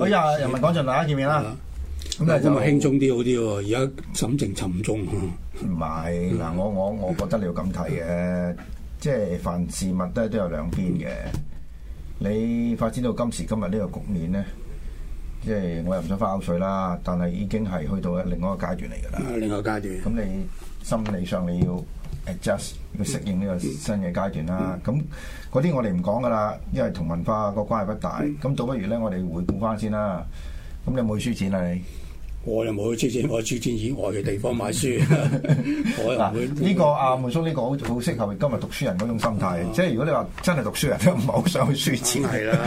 哎呀！人文講場大家見面啦。咁啊，因為輕鬆啲好啲喎。而家心情沉重。唔係嗱，我我我覺得你要咁睇嘅， 即係凡事物都都有兩邊嘅。你發展到今時今日呢個局面咧，即係我又唔想翻口水啦，但係已經係去到另外一個階段嚟㗎啦。另外一個階段。咁你心理上你要 just 要適應呢個新嘅階段啦。咁嗰啲我哋唔講噶啦，因為同文化個關係不大。咁倒不如咧，我哋回顧翻先啦。咁你有冇去書展啊？你我又冇去書展，我喺書展以外嘅地方買書。我唔呢個阿梅叔呢個好好適合今日讀書人嗰種心態。即係如果你話真係讀書人，都唔係好想去書展係啦。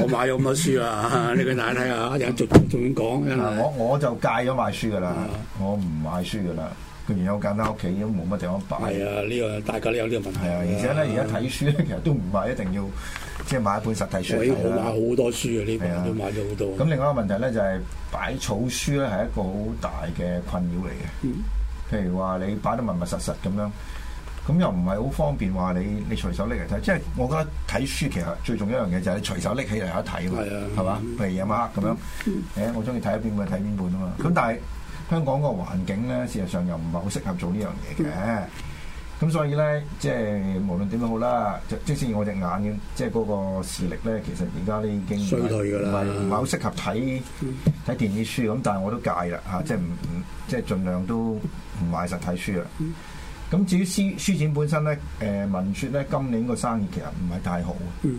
我買咗咁多書啊！你睇睇下，又做做緊講嘅。我我就戒咗買書噶啦，我唔買書噶啦。佢原有間喺屋企，都冇乜地方擺。係啊，呢個大家都有呢個問題。係啊，而且咧，而家睇書咧，其實都唔係一定要即係買一本實體書嚟啦。好多書啊！呢排都買咗好多。咁另外一個問題咧，就係、是、擺草書咧，係一個好大嘅困擾嚟嘅。嗯、譬如話你擺得密密實實咁樣，咁又唔係好方便話你你隨手拎嚟睇。即係我覺得睇書其實最重要一樣嘢就係你隨手拎起嚟有得睇啊，係啊。係、嗯嗯哎、嘛？夜晚黑咁樣。嗯。我中意睇一邊本睇邊本啊嘛。咁但係。香港個環境咧，事實上又唔係好適合做呢樣嘢嘅，咁、嗯、所以咧，即係無論點都好啦，即使我隻眼嘅，即係嗰個視力咧，其實而家咧已經衰退㗎啦，唔係好適合睇睇電子書咁，但係我都戒啦嚇，即係唔唔即係儘量都唔買實體書啦。咁、嗯、至於書書展本身咧，誒、呃、聞說咧，今年個生意其實唔係太好，嗯、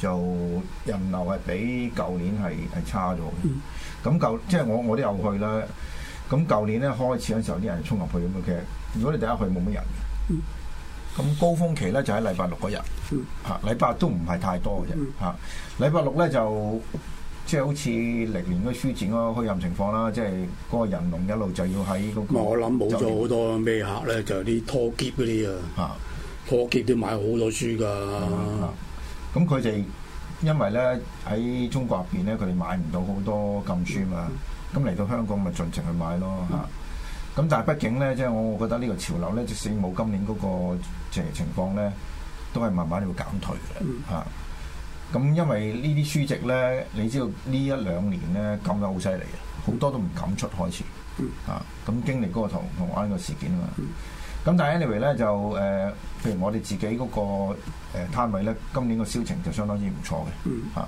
就人流係比舊年係係差咗，咁舊即係我我都有去啦。咁舊年咧開始嗰時候，啲人衝入去咁嘅。如果你第一去，冇乜人咁、嗯、高峰期咧就喺禮拜六嗰日，啊禮拜都唔係太多嘅啫。啊禮拜六咧就即係好似歷年嘅書展嗰開任情況啦，即係嗰人龍一路就要喺嗰。咁我諗冇咗好多咩客咧，就啲、係、拖劫嗰啲啊，拖劫都買好多書㗎。咁佢哋因為咧喺中國入邊咧，佢哋買唔到好多禁書嘛。嗯嗯咁嚟到香港咪盡情去買咯嚇，咁但係畢竟咧，即係我覺得呢個潮流咧，即使冇今年嗰個情況咧，都係慢慢要減退嘅嚇。咁、嗯啊、因為呢啲書籍咧，你知道呢一兩年咧減得好犀利啊，好多都唔敢出海始。嚇、嗯。咁、啊、經歷嗰個銅銅鑼灣個事件啊嘛。咁、嗯、但係 anyway 咧就誒、呃，譬如我哋自己嗰個誒攤位咧，今年個銷情就相當之唔錯嘅嚇。嗯嗯。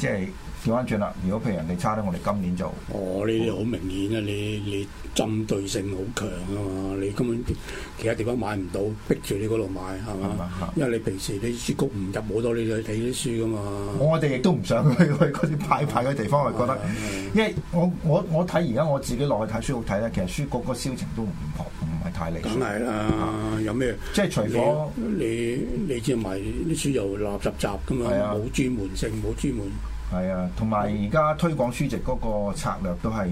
即係調翻轉啦！如果譬如人哋差啲，我哋今年就，哦，呢啲好明顯啊！你你針對性好強啊嘛！你根本其他地方買唔到，逼住你嗰度買係嘛？因為你平時你書局唔入冇多，你去睇啲書噶嘛。我哋亦都唔想去去嗰啲派賣嘅地方，係我覺得，因為我我我睇而家我自己落去睇書好睇咧，其實書局個銷情都唔唔唔係太利。梗係啦，有咩？即係除咗你你知唔知？啲書又垃垃雜雜噶嘛，冇專門性，冇專門。係啊，同埋而家推廣書籍嗰個策略都係，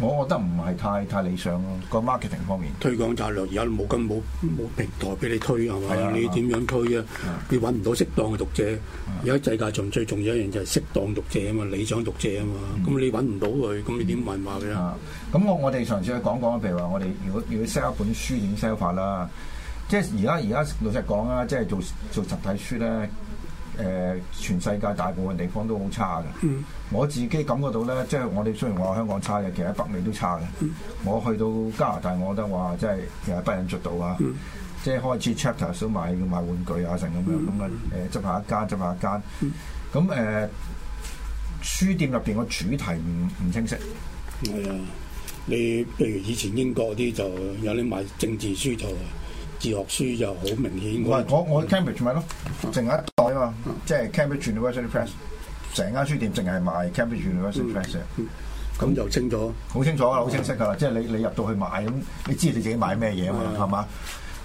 我覺得唔係太太理想咯。個 marketing 方面，推廣策略而家冇咁冇冇平台俾你推係咪？你點樣推啊？你揾唔、啊、到適當嘅讀者。而家世界仲最重要一樣就係適當讀者啊嘛，理想讀者啊嘛。咁、嗯啊、你揾唔到佢，咁你點問話咧嚇？咁、啊、我我哋上次講講，譬如話我哋如果如果 sell 本書點 sell 法啦？即係而家而家老實講啊，即係做做實體書咧。呢誒、呃，全世界大部分地方都好差嘅。嗯、我自己感覺到咧，即係我哋雖然話香港差嘅，其實北美都差嘅。嗯、我去到加拿大，我覺得話，真係又係不忍卒睹啊！嗯、即係開始 chapter 想賣賣玩具啊，成咁樣咁啊，誒、嗯，執下一間，執下一間。咁誒、嗯呃，書店入邊個主題唔唔清晰。係啊，你譬如以前英國啲就有啲賣政治書套。哲學書就好明顯，唔係我我 Cambridge 咪咯，剩下一袋啊嘛，即係 Cambridge University Press，成間書店淨係賣 Cambridge University Press 嘅，咁就清楚，好清楚啦，好清晰噶啦，即係你你入到去買咁，你知你自己買咩嘢嘛，係嘛？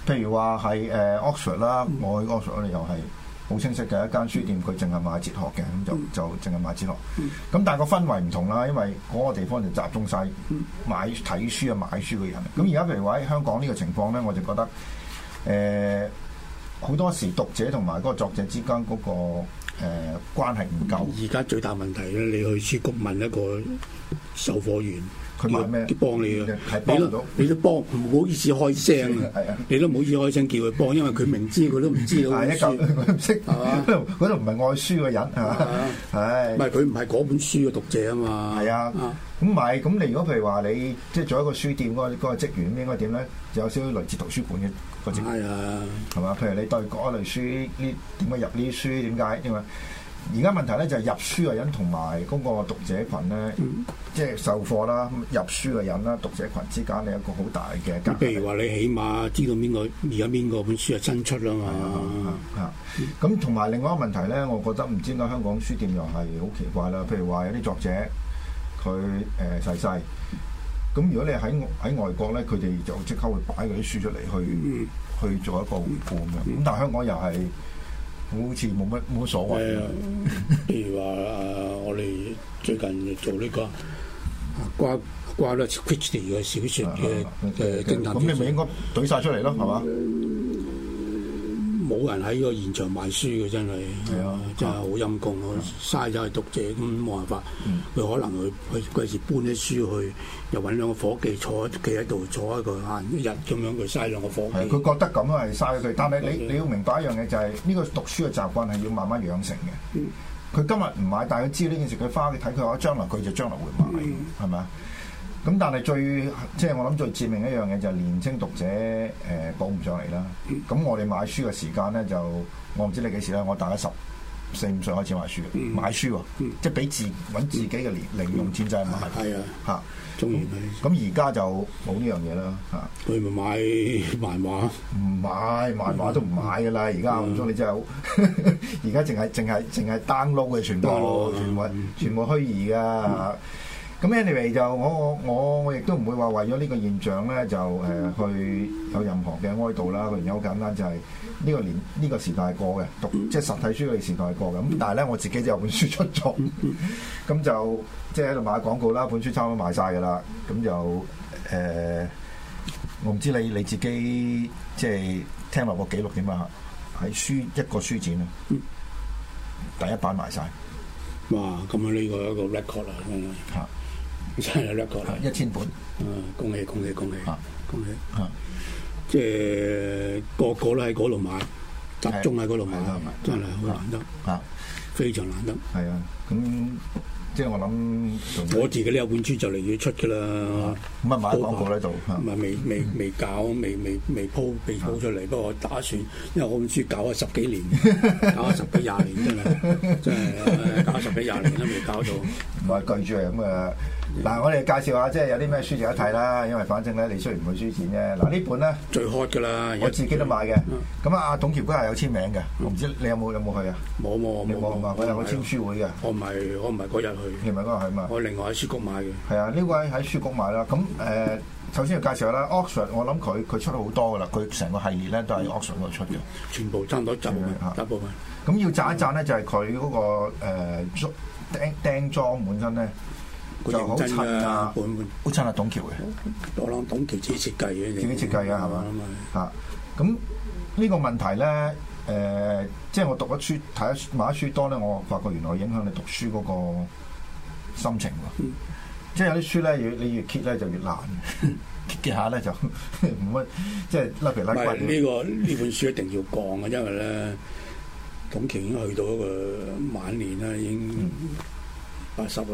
譬如話係誒 Oxford 啦，我去 Oxford 你又係好清晰嘅一間書店，佢淨係賣哲學嘅，咁就就淨係賣哲學。咁但係個氛圍唔同啦，因為嗰個地方就集中晒買睇書啊買書嘅人。咁而家譬如話喺香港呢個情況咧，我就覺得。誒好多時讀者同埋嗰個作者之間嗰、那個誒、呃、關係唔夠。而家最大問題咧，你去書局問一個售貨員。佢話咩？幫你嘅，你都你都幫唔好意思開聲啊！你都唔好意思開聲叫佢幫，因為佢明知佢都唔知嗰本書，唔識，佢都唔係愛書嘅人啊！唉，唔係佢唔係嗰本書嘅讀者啊嘛。係啊，咁唔係咁。你如果譬如話你即係做一個書店嗰個嗰個職員，應該點咧？有少少類似圖書館嘅個職員，係啊，係嘛？譬如你對嗰一類書呢，點解入呢啲書？點解因為？而家問題咧就係、是、入書嘅人同埋嗰個讀者群咧，嗯、即係售貨啦、入書嘅人啦、讀者群之間，你有一個好大嘅隔。譬如話你起碼知道邊個而家邊個本書係新出啦嘛。嚇咁同埋另外一個問題咧，我覺得唔知點解香港書店又係好奇怪啦。譬如話有啲作者佢誒細細咁，呃、洗洗如果你喺喺外國咧，佢哋就即刻會擺嗰啲書出嚟去、嗯嗯、去做一個回顧咁樣。咁但係香港又係。好似冇乜冇乜所謂，啊！譬如話啊，我哋最近做呢個個《瓜瓜拉 t y 嘅小說嘅嘅偵探，咁你咪應該懟晒出嚟咯，係、嗯、嘛？嗯嗯嗯嗯冇人喺個現場買書嘅真係，真係好陰功。咯、啊，嘥咗、啊、去讀者咁冇辦法。佢、嗯、可能佢佢嗰時搬啲書去，又揾兩個夥計坐企喺度坐喺度，一日咁樣佢嘥兩個夥計。佢、啊、覺得咁係嘥佢，但係你、啊、你要明白一樣嘢就係、是、呢、呢個讀書嘅習慣係要慢慢養成嘅。佢、嗯、今日唔買，但係佢知呢件事，佢翻去睇，佢話將來佢就將來會買嘅，係咪啊？嗯。咁但係最即係、就是、我諗最致命一樣嘢就係年青讀者誒、呃、補唔上嚟啦。咁我哋買書嘅時間咧，就我唔知你幾時啦。我大一十四五歲開始買書，買書即係俾自揾自己嘅零用錢就係買。係、哎、啊，嚇。中年咁而家就冇呢樣嘢啦。嚇、啊。佢咪買漫畫？唔買漫畫都唔買噶啦。而家阿吳總，嗯、你真係好。而 家淨係淨係淨係 download 嘅全部，全部、嗯、虛擬噶。嗯咁 anyway 就我我我我亦都唔會話為咗呢個現象咧就誒、呃、去有任何嘅哀悼啦。原因好簡單，就係、是、呢個年呢、這個時代過嘅，讀即係、就是、實體書嘅時代過嘅。咁但係咧，我自己都有本書出咗，咁 就即係喺度賣廣告啦。本書差唔多賣晒㗎喇，咁就誒、呃，我唔知你你自己即係、就是、聽落個記錄點啊？喺書一個書展啊，嗯、第一版賣晒。哇！咁樣呢個係一個 record 啊、嗯，嚇～真係，叻過啦，一千本，啊，恭喜恭喜恭喜，恭喜，啊，喜啊，即係個個都喺嗰度買，集中喺嗰度買，真係好難得，啊，非常難得，係啊，咁。即係我諗，我，我，我自己都有本書就嚟要出㗎啦。咁啊買咗本喎喺度，唔係未未未搞，未未未鋪未鋪出嚟。不過打算，因為我本書搞咗十幾年，搞咗十幾廿年真係，真係搞啊十幾廿年都未搞到。唔係巨著咁嘅，嗱，我哋介紹下，即係有啲咩書值一睇啦。因為反正咧，你雖然唔會輸錢啫。嗱呢本咧最 hot 㗎啦，我自己都買嘅。咁啊，董橋嗰日有簽名嘅，唔知你有冇有冇去啊？冇冇冇冇我係去簽書會嘅。我唔係，我唔係嗰日去。係咪嗰個係嘛？是是是是我另外喺書局買嘅。係啊，呢、這個、位喺書局買啦。咁誒、呃，首先要介紹下啦。Oxford，我諗佢佢出咗好多㗎啦。佢成個系列咧都係 Oxford 度出嘅，全部差唔多㗎部分。咁、嗯、要讚一讚咧、那個，就係佢嗰個誒釘釘裝本身咧，就好襯啊，本本，好襯啊。董橋嘅。我諗董橋自己設計嘅，自己設計㗎係嘛嘛。咁呢個問題咧，誒、呃，即係我讀咗書睇一買一書多咧，我發覺原來影響你讀書嗰、那個。心情喎、啊嗯，即係有啲書咧，越你越揭咧就越難、啊，揭下咧就唔會，即係甩皮甩骨。呢、這個呢 本書一定要降嘅，因為咧董其昌去到一個晚年啦，已經八十啦，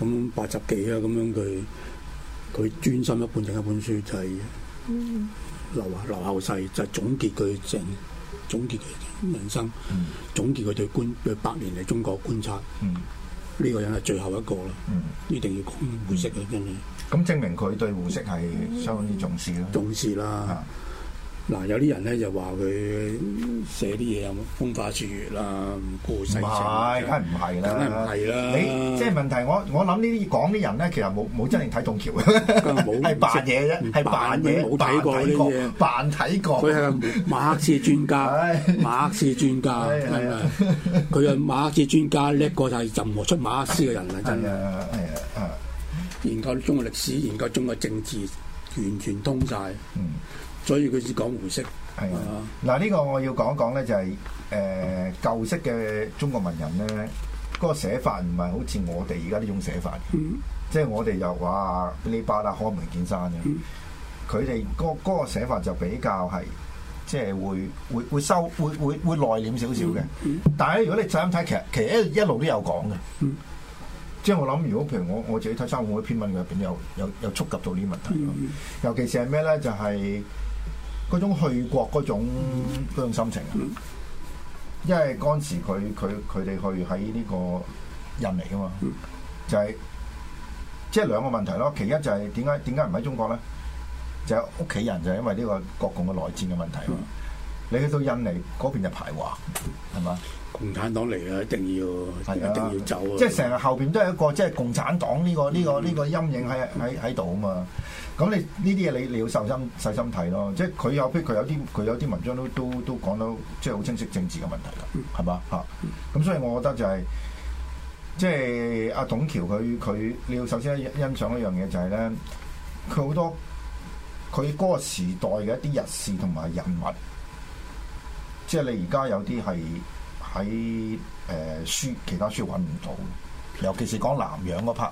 咁八十幾啦，咁樣佢佢專心一本定一本書就係留啊、嗯、留後世，就係、是、總結佢整總結佢人生，嗯、總結佢對觀對百年嚟中國觀察。嗯呢個人係最後一個咯，嗯、一定要護色嘅真係。咁、嗯、證明佢對護色係相當之重視咯、嗯，重視啦。嗯。嗱，有啲人咧就話佢寫啲嘢咁風花雪月啦，顧世情。梗係唔係啦。梗係唔係啦。你即係問題，我我諗呢啲講啲人咧，其實冇冇真正睇棟橋，係扮嘢啫，係扮嘢，冇睇過呢嘢。扮睇過。佢係馬克思專家，馬克思專家，佢係馬克思專家，叻過就係任何出馬克思嘅人啊！真係。係啊，研究中國歷史、研究中國政治，完全通晒。嗯。所以佢先講古式，係啊。嗱呢、啊啊呢個我要講一講咧、就是，就係誒舊式嘅中國文人咧，嗰、嗰個寫法唔係好似我哋而家呢種寫法，嗯、即係我哋又話李白啊，開門見山嘅。佢哋嗰嗰個寫法就比較係，即係會會會收會會會內斂少少嘅。嗯嗯、但係如果你就咁睇，其實其實一路都有講嘅。嗯嗯、即係我諗，如果譬如我我自己睇《三國》篇文入邊，又又又觸及到呢啲問題咯。尤其是係咩咧？就係。嗰種去國嗰種，嗰種心情，因為嗰陣時佢佢佢哋去喺呢個印尼啊嘛，就係即係兩個問題咯。其一就係點解點解唔喺中國咧？就係屋企人就係因為呢個國共嘅內戰嘅問題啊嘛。你去到印尼嗰邊就排華，係嘛？共產黨嚟啊！一定要，的一定要走啊！即係成日後邊都係一個即係共產黨呢個呢個呢個陰影喺喺喺度啊嘛！咁你呢啲嘢你你要細心細心睇咯。即係佢有啲佢有啲佢有啲文章都都都講到即係好清晰政治嘅問題㗎，係嘛嚇？咁吧、嗯、所以我覺得就係、是、即係阿董橋佢佢你要首先欣賞一樣嘢就係、是、咧，佢好多佢嗰個時代嘅一啲日事同埋人物，即係你而家有啲係。喺誒書其他書揾唔到。尤其是講南洋嗰 part，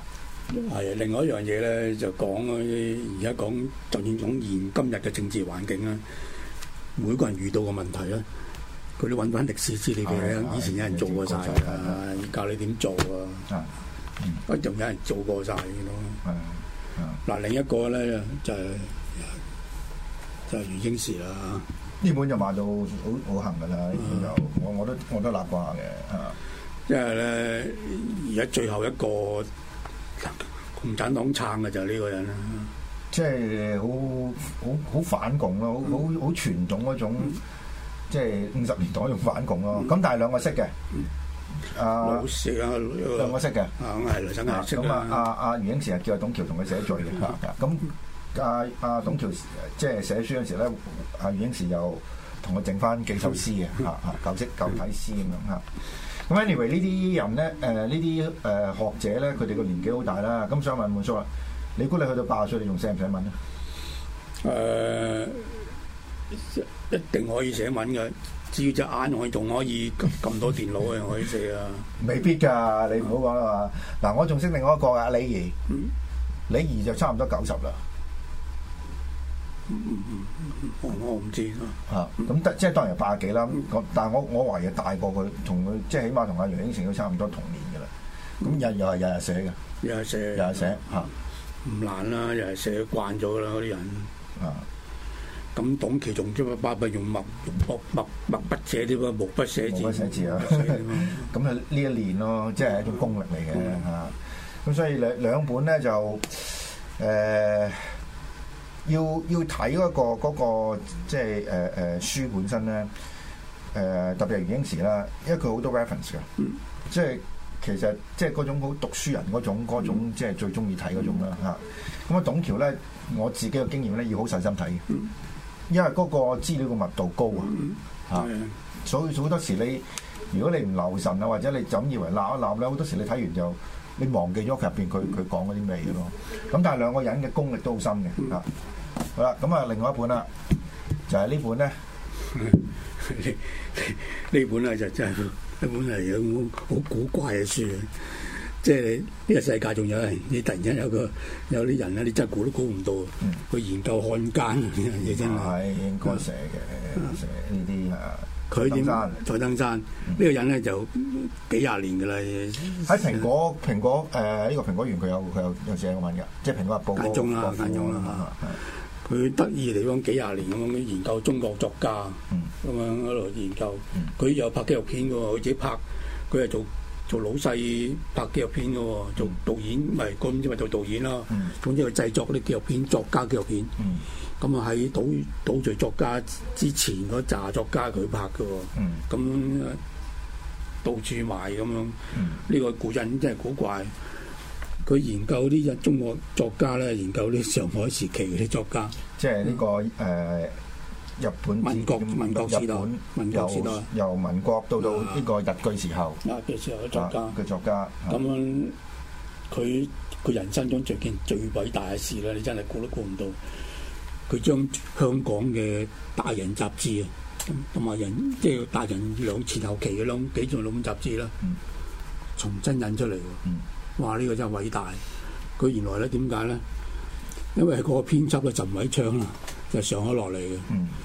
係另外一樣嘢咧，就講而家講。就算講現今日嘅政治環境啦，每個人遇到嘅問題啦，佢都揾翻歷史資料嚟，知知哎、呀以前有人做過晒，哎、呀教你點做啊。啊、哎，仲、嗯、有人做過晒。咯、哎呀。係嗱、哎、另一個咧就是、就余、是、英時啦。呢本就賣到好好行噶啦，就我我都我都難過嘅嚇，因為咧而家最後一個共產黨撐嘅就係呢個人啦，即係、嗯、好好好反共咯，好好好傳統嗰種，即係五十年代用反共咯。咁但係兩個識嘅，嗯嗯嗯、啊老啊兩個識嘅，啊係，真係咁啊，阿阿余英時成日叫阿董橋同佢寫咗嘅，咁。 阿阿董橋即係寫書嗰時咧，阿余英時又同佢整翻幾首詩嘅，吓吓舊式舊體詩咁 樣吓。咁 anyway 呢啲人咧，誒呢啲誒學者咧，佢哋個年紀好大啦。咁想問滿叔啊，你估你去到八十歲，你仲寫唔寫文啊？誒、呃，一定可以寫文嘅，只要隻眼我仲可以咁多電腦 啊，可以寫啊。未必噶，你唔好講啦嘛。嗱，我仲識另外一個阿李儀，李儀就差唔多九十啦。我唔知吓，咁得即係當然係八廿幾啦。咁但係我我懷疑大過佢，同佢即係起碼同阿梁英成都差唔多同年噶啦。咁日又係日日寫嘅，日日寫，日日寫。吓，唔難啦，日日寫慣咗啦，嗰啲人。啊，咁董其仲即係八筆用墨，用墨墨墨筆寫啲噃，毛筆寫字，毛筆寫字啊。咁啊呢一年咯，即係一種功力嚟嘅吓。咁所以兩兩本咧就誒。要要睇嗰個即係誒誒書本身咧，誒、呃、特別係余英時啦，因為佢好多 reference 㗎，嗯、即係其實即係嗰種好讀書人嗰種嗰種即係最中意睇嗰種啦嚇。咁啊、嗯嗯、董橋咧，我自己嘅經驗咧要好細心睇，嗯、因為嗰個資料嘅密度高、嗯、啊嚇，嗯、所以好多時你如果你唔留神啊，或者你就咁以為攬一攬咧，好多時你睇完就。你忘記咗入邊佢佢講嗰啲味咯？咁但係兩個人嘅功力都深、嗯、好深嘅嚇。好啦，咁啊另外一本啦，就係、是、呢 本咧。呢本啊就真係一本係有好好古怪嘅書。即係呢、這個世界仲有係你突然間有個有啲人咧，你真係估都估唔到。佢、嗯、研究漢奸嘅嘢啫嘛。係、哎、應該寫嘅、嗯、寫呢啲啊。佢點？蔡登山，呢、這個人咧就幾廿年噶啦。喺蘋,蘋果，蘋果誒呢、呃這個蘋果園佢有佢有有寫過文嘅，即係、就是、蘋果日報間中啦、啊，間中啦、啊、嚇。佢得意地方幾廿年咁樣研究中國作家，咁樣一路研究。佢有拍紀錄片嘅佢自己拍，佢係做。做老細拍紀錄片嘅、哦，做導演咪，咁之咪做導演啦。嗯、總之佢製作嗰啲紀錄片，作家紀錄片。咁啊喺倒倒序作家之前嗰紮作家，佢拍嘅。咁、嗯、到處賣咁樣，呢、嗯、個古人真係古怪。佢研究啲人中國作家咧，研究啲上海時期啲作家，即係呢、呢個誒。嗯呃日本民國民國時代，日本民國時代，由民國到呢個日據時候，啊嘅時候嘅作家，咁佢佢人生中最件最偉大嘅事咧，你真係估都估唔到，佢將香港嘅大人雜誌啊，同埋人即係、就是、大人兩前後期嘅兩幾種老本雜誌啦，重新印出嚟喎，嗯、哇！呢、這個真係偉大，佢原來咧點解咧？因為個編輯嘅陳偉昌啦。就上海落嚟嘅，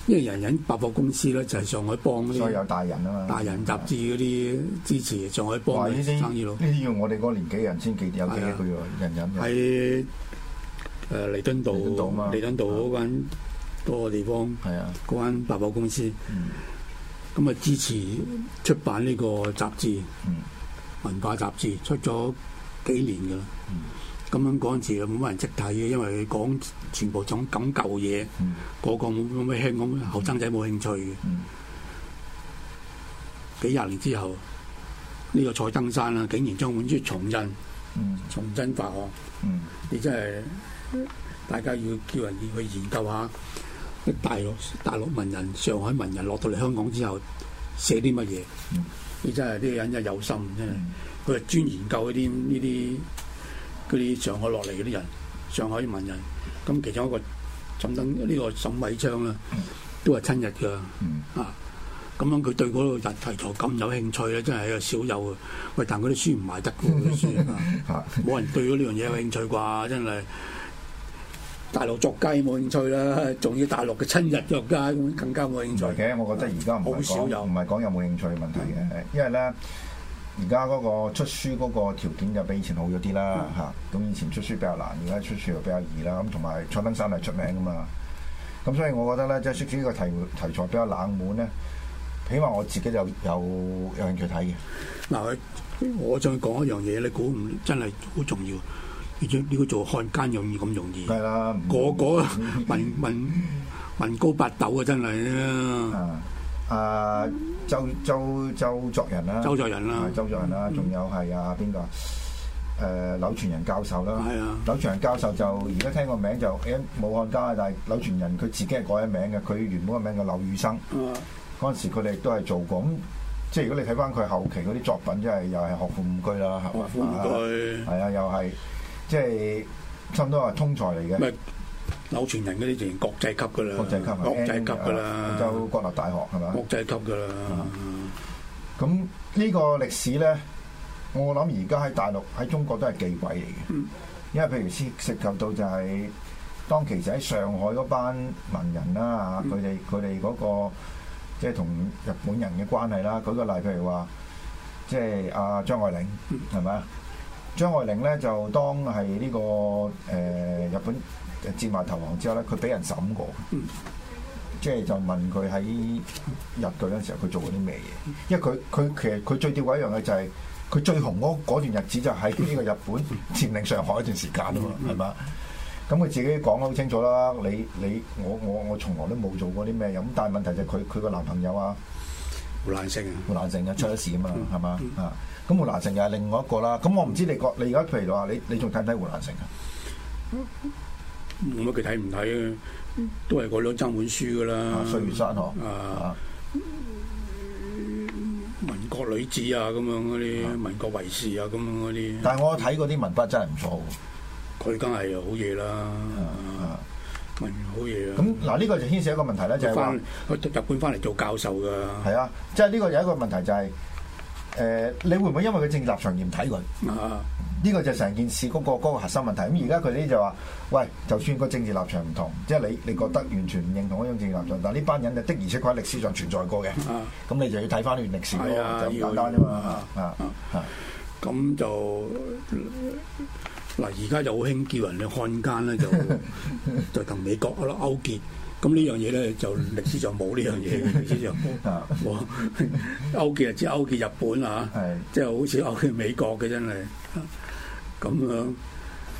因為人人百貨公司咧就係上海幫嗰啲，所以有大人啊嘛，大人雜誌嗰啲支持，上海幫嘅生意咯。呢啲要我哋嗰年紀人先記，啊、人人有記起佢喎，人人喺誒彌敦道，彌敦道嗰間多個地方，係啊嗰間百貨公司，咁啊支持出版呢個雜誌，文化雜誌出咗幾年㗎啦。嗯嗯嗯咁樣嗰陣時冇乜人識睇嘅，因為佢講全部種咁舊嘢，嗯、個個冇咩香港後生仔冇興趣嘅。嗯、幾廿年之後，呢、呢個蔡登山啦、啊，竟然將本書重印，嗯、重振發行，嗯、你真係大家要叫人要去研究下大陸大陸文人、上海文人落到嚟香港之後寫啲乜嘢？嗯、你真係啲、呢個、人真係有心，真係佢專研究啲呢啲。嗰啲上海落嚟嗰啲人，上海文人，咁其中一個沈登呢個沈偉昌啦，都係親日噶，嗯、啊，咁樣佢對嗰個題材咁有興趣咧，真係少有啊！喂，但嗰啲書唔賣得噶，冇、啊、 人對咗呢樣嘢有興趣啩，真係大陸作家冇興趣啦，仲要大陸嘅親日作家，更加冇興趣。唔係嘅，我覺得而家好少有，唔係講有冇興趣問題嘅，的因為咧。而家嗰個出書嗰個條件就比以前好咗啲啦，嚇、嗯！咁以前出書比較難，而家出書又比較易啦。咁同埋蔡登山係出名㗎嘛，咁所以我覺得咧，即係出書呢個題題材比較冷門咧，起碼我自己就有有興趣睇嘅。嗱，我再講一樣嘢，你估唔真係好重要？而呢個做漢奸容易咁容易？係啦，個個、嗯、文文文文文高八斗啊，真係啊！嗯啊，周周周作人啦，周作人啦、啊啊，周作人啦、啊，仲、嗯、有係啊邊個？誒、啊，柳傳仁教授啦、啊啊，柳傳仁教授就而家聽個名就誒武漢交大柳傳仁，佢自己係改咗名嘅，佢原本個名叫柳雨生。嗯、啊，嗰陣時佢哋都係做過，咁即係如果你睇翻佢後期嗰啲作品，真、就、係、是、又係學富五車啦，係啊，又係即係差唔多話通才嚟嘅。後傳人嗰啲就然國際級噶啦，國際級啊！國際級噶啦，就國,國立大學係咪？國際級噶啦。咁呢、嗯、個歷史咧，我諗而家喺大陸、喺中國都係忌諱嚟嘅。嗯、因為譬如涉涉及到就係、是、當其時喺上海嗰班文人啦，佢哋佢哋嗰個即係同日本人嘅關係啦。舉個例，譬如話，即係阿張愛玲係咪？嗯、張愛玲咧就當係呢、呢個誒、呃、日本。戰敗投降之後咧，佢俾人審過，嗯、即係就問佢喺日據嗰陣時候佢做過啲咩嘢。因為佢佢其實佢最吊詭一樣嘅就係、是、佢最紅嗰段日子就喺呢個日本佔領上海一段時間啊嘛，係嘛、嗯？咁佢自己講得好清楚啦。你你我我我從來都冇做過啲咩。咁但係問題就係佢佢個男朋友啊，胡蘭成啊，胡蘭成啊出咗事啊嘛，係嘛？咁胡蘭成又係另外一個啦、啊。咁我唔知你個你而家譬如話你你仲睇唔睇胡蘭成啊？冇乜佢睇唔睇啊？都係嗰兩三本書噶啦。啊，歲月山嗬。啊，民國女子啊，咁樣嗰啲，啊、民國遺事啊，咁樣嗰啲。但係我睇嗰啲文筆真係唔錯，佢梗係又好嘢啦。啊啊、文好嘢啊！咁嗱，呢個就牽涉一個問題咧，就係話去日本翻嚟做教授噶。係啊，即係呢個有一個問題就係、是。誒、呃，你會唔會因為佢政治立場而唔睇佢？啊，呢個就成件事嗰個嗰個核心問題。咁而家佢哋就話，喂，就算個政治立場唔同，即係你你覺得完全唔認同嗰種政治立場，但係呢班人就的而且確喺歷史上存在過嘅。啊，咁你就要睇翻呢段歷史咯、啊，就咁簡單啫嘛。啊，咁就嗱，而家就好興叫人哋漢奸咧，就就同美國嗰咯勾結。咁呢樣嘢咧，就歷史上冇呢樣嘢嘅，歷史上，我勾結啊，只勾結日本啊，即係好似勾結美國嘅真係，咁樣，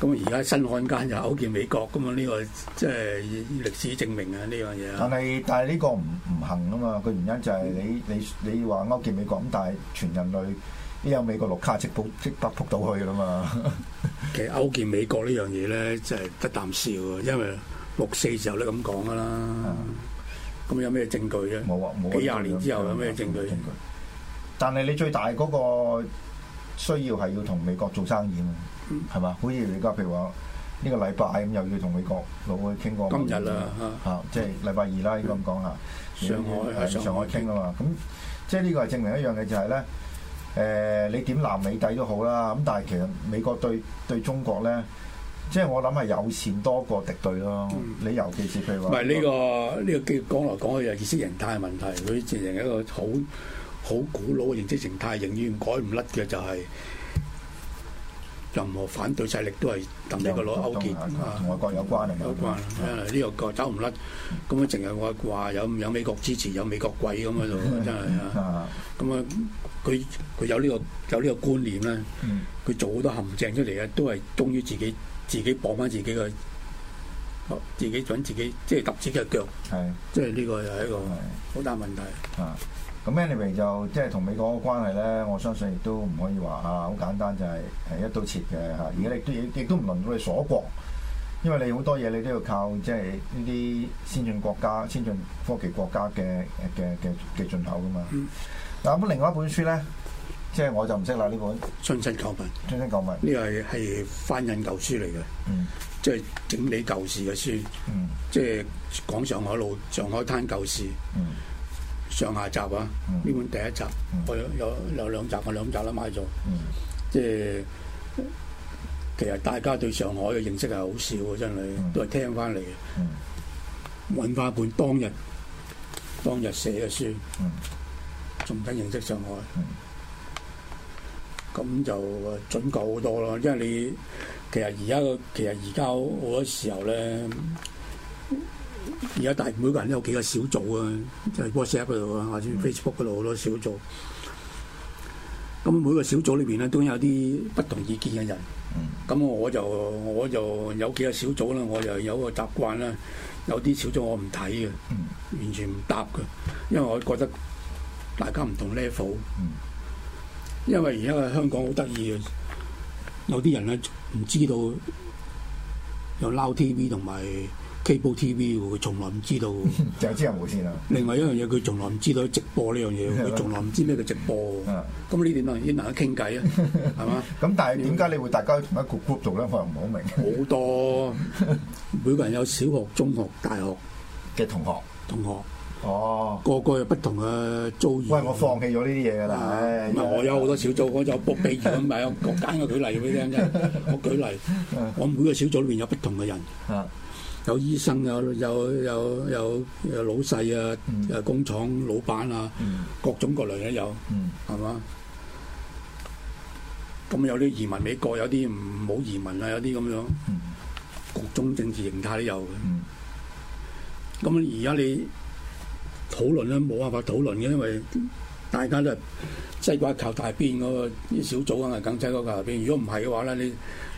咁而家新漢奸就勾結美國咁啊，呢個即係歷史證明啊呢樣嘢。但係但係呢個唔唔行啊嘛，個原因就係你你你話勾結美國咁，但係全人類啲有美國綠卡直撲即北撲到去㗎嘛。其實勾結美國呢樣嘢咧，真係一啖笑啊，因為。六四時候都咁講噶啦，咁有咩證據啫？冇啊，冇，幾廿年之後有咩證據？但係你最大嗰個需要係要同美國做生意，係嘛？好似李家譬如話：呢個禮拜咁又要同美國佬去傾過今日啦嚇，即係禮拜二啦，應該咁講嚇。上海上海傾啊嘛，咁即係呢個係證明一樣嘅，就係咧，誒你點南美帝都好啦，咁但係其實美國對對中國咧。即係我諗係友善多過敵對咯，嗯、你尤其是譬如話，唔係呢個呢、這個叫講來講去又意識形態嘅問題，佢形成一個好好古老嘅意識形態，仍然改唔甩嘅就係、是。任何反對勢力都係同美國佬勾結啊！同外國有關，關有啊！有關呢個國走唔甩，咁啊，淨係話話有咁美國支持，有美國鬼咁啊，就真係啊！咁啊、呢個，佢佢有呢個有呢個觀念咧，佢做好多陷阱出嚟咧，都係終於自己自己綁翻自己嘅，自己揾自己，即係揼自己嘅腳，是嗯、即係呢個又係一個好大問題啊！咁 anyway 就即係同美國嘅關係咧，我相信亦都唔可以話嚇好簡單，就係係一刀切嘅嚇。而家亦都亦都唔輪到你鎖國，因為你好多嘢你都要靠即係呢啲先進國家、先進科技國家嘅嘅嘅嘅進口㗎嘛。嗱咁、嗯、另外一本書咧，即係我就唔識啦呢本。津津購物。津津購物。呢個係翻印舊書嚟嘅。嗯。即係整理舊事嘅書。嗯。即係講上海老、上海灘舊事。嗯。上下集啊，呢、嗯、本第一集，嗯、我有有有兩集，我兩集都買咗。嗯、即係其實大家對上海嘅認識係好少啊。真係、嗯、都係聽翻嚟嘅。揾翻本當日當日寫嘅書，仲想、嗯、認識上海，咁、嗯嗯、就準確好多咯。因為你其實而家其實而家好多時候咧。而家大每個人都有幾個小組啊，即係 WhatsApp 嗰度啊，或者 Facebook 嗰度好多小組。咁每個小組裏邊咧都有啲不同意見嘅人。咁我就我就有幾個小組咧，我又有個習慣咧，有啲小組我唔睇嘅，完全唔答嘅，因為我覺得大家唔同 level。因為而家喺香港好得意嘅，有啲人咧唔知道有撈 TV 同埋。k e b o a TV 佢從來唔知道，就係接入無線啦。另外一樣嘢，佢從來唔知道直播呢樣嘢，佢從來唔知咩叫直播。咁呢啲當然難得傾偈啦，係嘛？咁但係點解你會大家同一個 group 做咧？我又唔好明。好多，每個人有小學、中學、大學嘅同學同學。哦，個個有不同嘅遭遇。喂，我放棄咗呢啲嘢㗎啦。唔係，我有好多小組，我就舉例子，唔係我個間嘅舉例俾你聽啫。我舉例，我每個小組裏面有不同嘅人。啊。有醫生，有有有有老細啊，工廠老闆啊，各種各類都有，係嘛、嗯？咁有啲移民美國，有啲唔好移民啊，有啲咁樣，嗯、各種政治形態都有。咁而家你討論咧，冇辦法討論嘅，因為大家都係西瓜靠大邊嗰啲小組啊，梗係西瓜靠大邊。如果唔係嘅話咧，你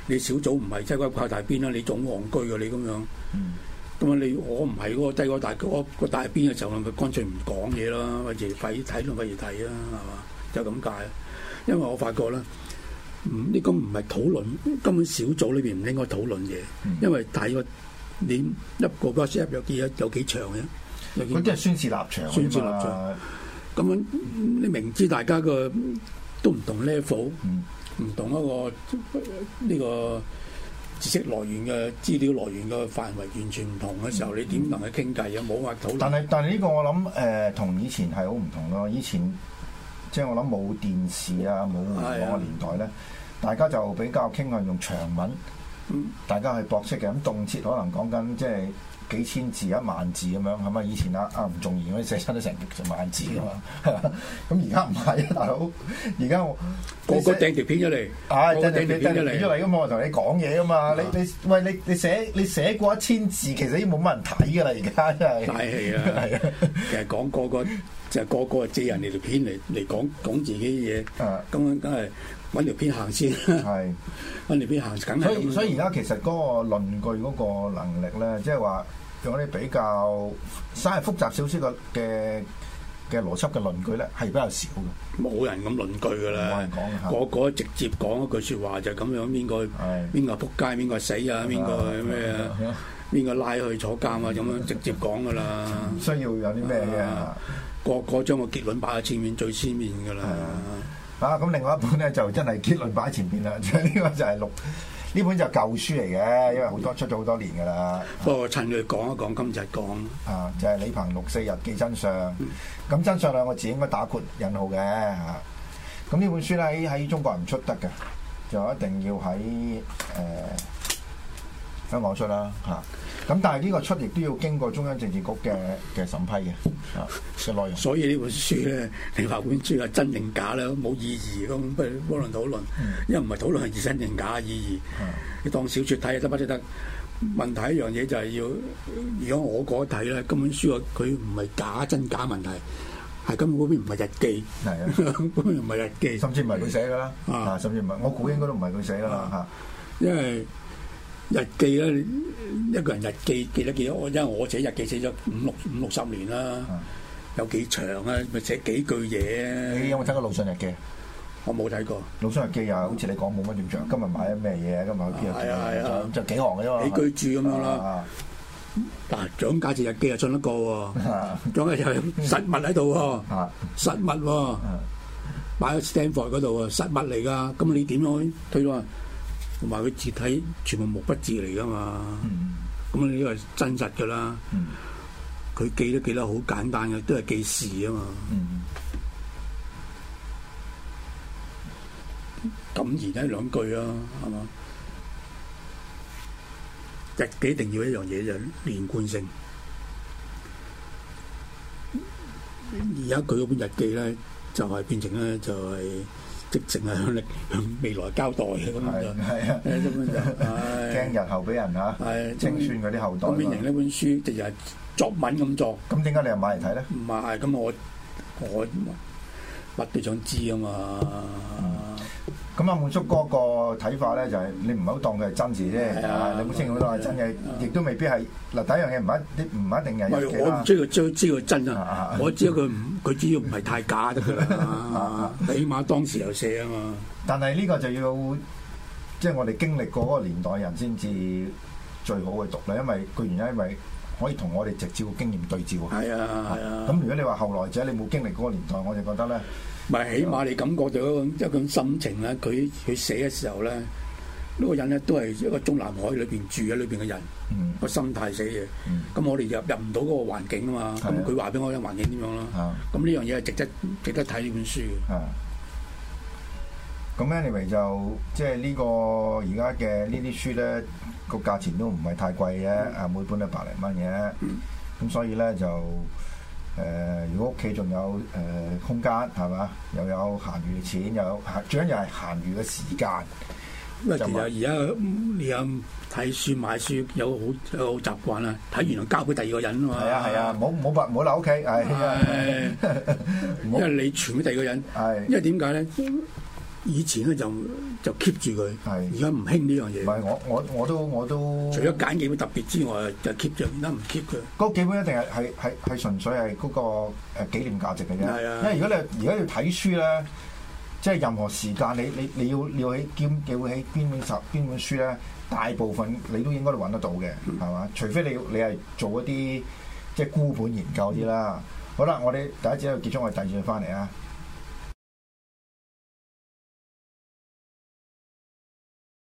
你小組唔係西瓜靠大邊啦，你總戇居啊，你咁樣。咁啊！嗯、你我唔喺嗰個低嗰個大個大邊嘅時候，佢，乾脆唔講嘢啦，或者費睇都乜嘢睇啦，係嘛？就咁、是、解。因為我發覺啦，唔呢個唔係討論，根本小組裏邊唔應該討論嘢。因為睇個年一個個 set 有幾有幾長嘅，嗰啲係宣示立場啊嘛。咁樣酸 呢？樣你明知大家個都唔同 level，唔、嗯、同一個呢、這個。這個知識來源嘅資料來源嘅範圍完全唔同嘅時候，嗯、你點同佢傾偈啊？冇話、嗯、討論。但係但係呢個我諗誒，同、呃、以前係好唔同咯。以前即係、就是、我諗冇電視啊，冇互聯網年代咧，的大家就比較傾向用長文，嗯、大家係博識嘅咁，嗯、動輒可能講緊即係。就是幾千字、一萬字咁樣，係咪以前啊啊吳仲賢啲寫出都成萬字㗎嘛？咁而家唔係啊，大佬！而家我個個掟條片出嚟，個個掟條片出嚟㗎嘛！我同你講嘢㗎嘛！你你喂你你寫你寫過一千字，其實已經冇乜人睇㗎啦！而家真係，大氣啊！係啊，其實講個個就係個個借人哋條片嚟嚟講講自己嘢。咁樣梗係揾條片行先。係揾條片行，梗係。所以所以而家其實嗰個論據嗰個能力咧，即係話。用啲比較生、複雜少少嘅嘅嘅邏輯嘅論據咧，係比較少嘅。冇人咁論據㗎啦，個個直接講一句説話就係、是、咁樣，邊個邊個撲街，邊個的死啊，邊個咩啊，邊個的拉去坐監啊，咁的樣直接講㗎啦。唔 需要有啲咩嘅，啊、個個將個結論擺喺前面最先面㗎啦。啊，咁另外一本咧就真係結論擺喺前面啦，呢個就係六。呢本就舊書嚟嘅，因為好多出咗好多年噶啦。不過、嗯啊、趁佢講一講，今集講啊，就係、是、李鵬《六四日記真相》嗯。咁真相兩個字應該打括引號嘅。咁、啊、呢本書咧喺喺中國唔出得嘅，就一定要喺誒。呃香港出啦，嚇！咁但係呢個出亦都要經過中央政治局嘅嘅審批嘅，啊，內容。所以呢本書咧，你話本書係真定假咧，冇意義咁，不如唔好論討論。因為唔係討論係真定假，嘅意義。你當小說睇就得不得？問題一樣嘢就係要，如果我嗰睇咧，根本書個佢唔係假真假問題，係根本嗰邊唔係日記。係啊，本唔係日記。甚至唔係佢寫噶啦，是啊、甚至唔係，我估應該都唔係佢寫噶啦，吓、啊，因為。日記咧，一個人日記記得幾多？因為我寫日記寫咗五六五六十年啦，有幾長啊？咪寫幾句嘢？你有冇睇過魯迅日記？我冇睇過。魯迅日記又係好似你講冇乜點長，今日買咗咩嘢？今日佢邊度？就幾行嘅嘛，幾句住咁樣啦。但係蔣介石日記就信得過喎，仲有實物喺度喎，實物喎，擺咗 Stanford 喺嗰度啊，實物嚟噶。咁你點樣去退咗啊？同埋佢字體全部木筆字嚟噶嘛？咁啊呢個係真實噶啦。佢記都記得好簡單嘅，都係記事啊嘛。咁而家兩句啊，係嘛？日記一定要一樣嘢就係連貫性。而家佢嗰本日記咧，就係變成咧就係。直情係向向未來交代咁樣，係啊，根本就驚日後俾人嚇清算嗰啲後代。我編成呢本書，直情係作文咁作。咁點解你又買嚟睇咧？唔係，咁我我。乜都想知啊嘛！咁阿沐叔嗰個睇法咧就係你唔好當佢係真事啫，你冇清楚當係真嘅，亦、啊、都未必係嗱第一樣嘢唔一唔一定係。唔我唔知佢追知道真啊！我知佢佢主要唔係太假啫，起碼、啊啊、當時有寫啊嘛！啊但係呢個就要即係、就是、我哋經歷過嗰個年代人先至最好去讀啦，因為個原因，因為。可以同我哋直接嘅經驗對照。係啊，係啊。咁、嗯、如果你話後來者，你冇經歷嗰個年代，我就覺得咧，咪起碼你感覺到即係個，個心情咧，佢佢寫嘅時候咧，呢、那個人咧都係一個中南海裏邊住喺裏邊嘅人，個、嗯、心態寫嘅。咁、嗯、我哋入入唔到嗰個環境啊嘛，咁佢話俾我聽環境點樣啦。咁呢樣嘢係值得值得睇呢本書。咁 anyway 就即係呢個而家嘅呢啲書咧，個價錢都唔係太貴嘅，啊每本都百零蚊嘅。咁所以咧就誒如果屋企仲有誒空間係嘛，又有閒餘嘅錢，又有最緊又係閒餘嘅時間。咁啊其實而家你有睇書買書有好有好習慣啦，睇完交俾第二個人啊嘛。係啊，係啊，冇好發冇留屋企，係因為你傳俾第二個人，因為點解咧？以前咧就就 keep 住佢，而家唔興呢樣嘢。唔係我我我都我都。我都除咗揀幾本特別之外，就 keep 住。而家唔 keep 嘅。嗰幾本一定係係係係純粹係嗰個誒紀念價值嘅啫。係啊的。因為如果你而家要睇書咧，即係任何時間你你你要你要兼幾本喺邊本邊本書咧，大部分你都應該揾得到嘅，係嘛？嗯？除非你你係做一啲即係孤本研究啲啦。嗯、好啦，我哋第一節要結束，我哋第二節翻嚟啊。